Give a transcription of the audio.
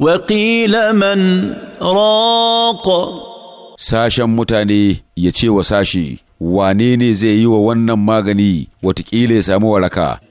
وقيل من راق sashen mutane ya ce wa sashi wanene zai yi wa wannan magani watakila ya samu waraka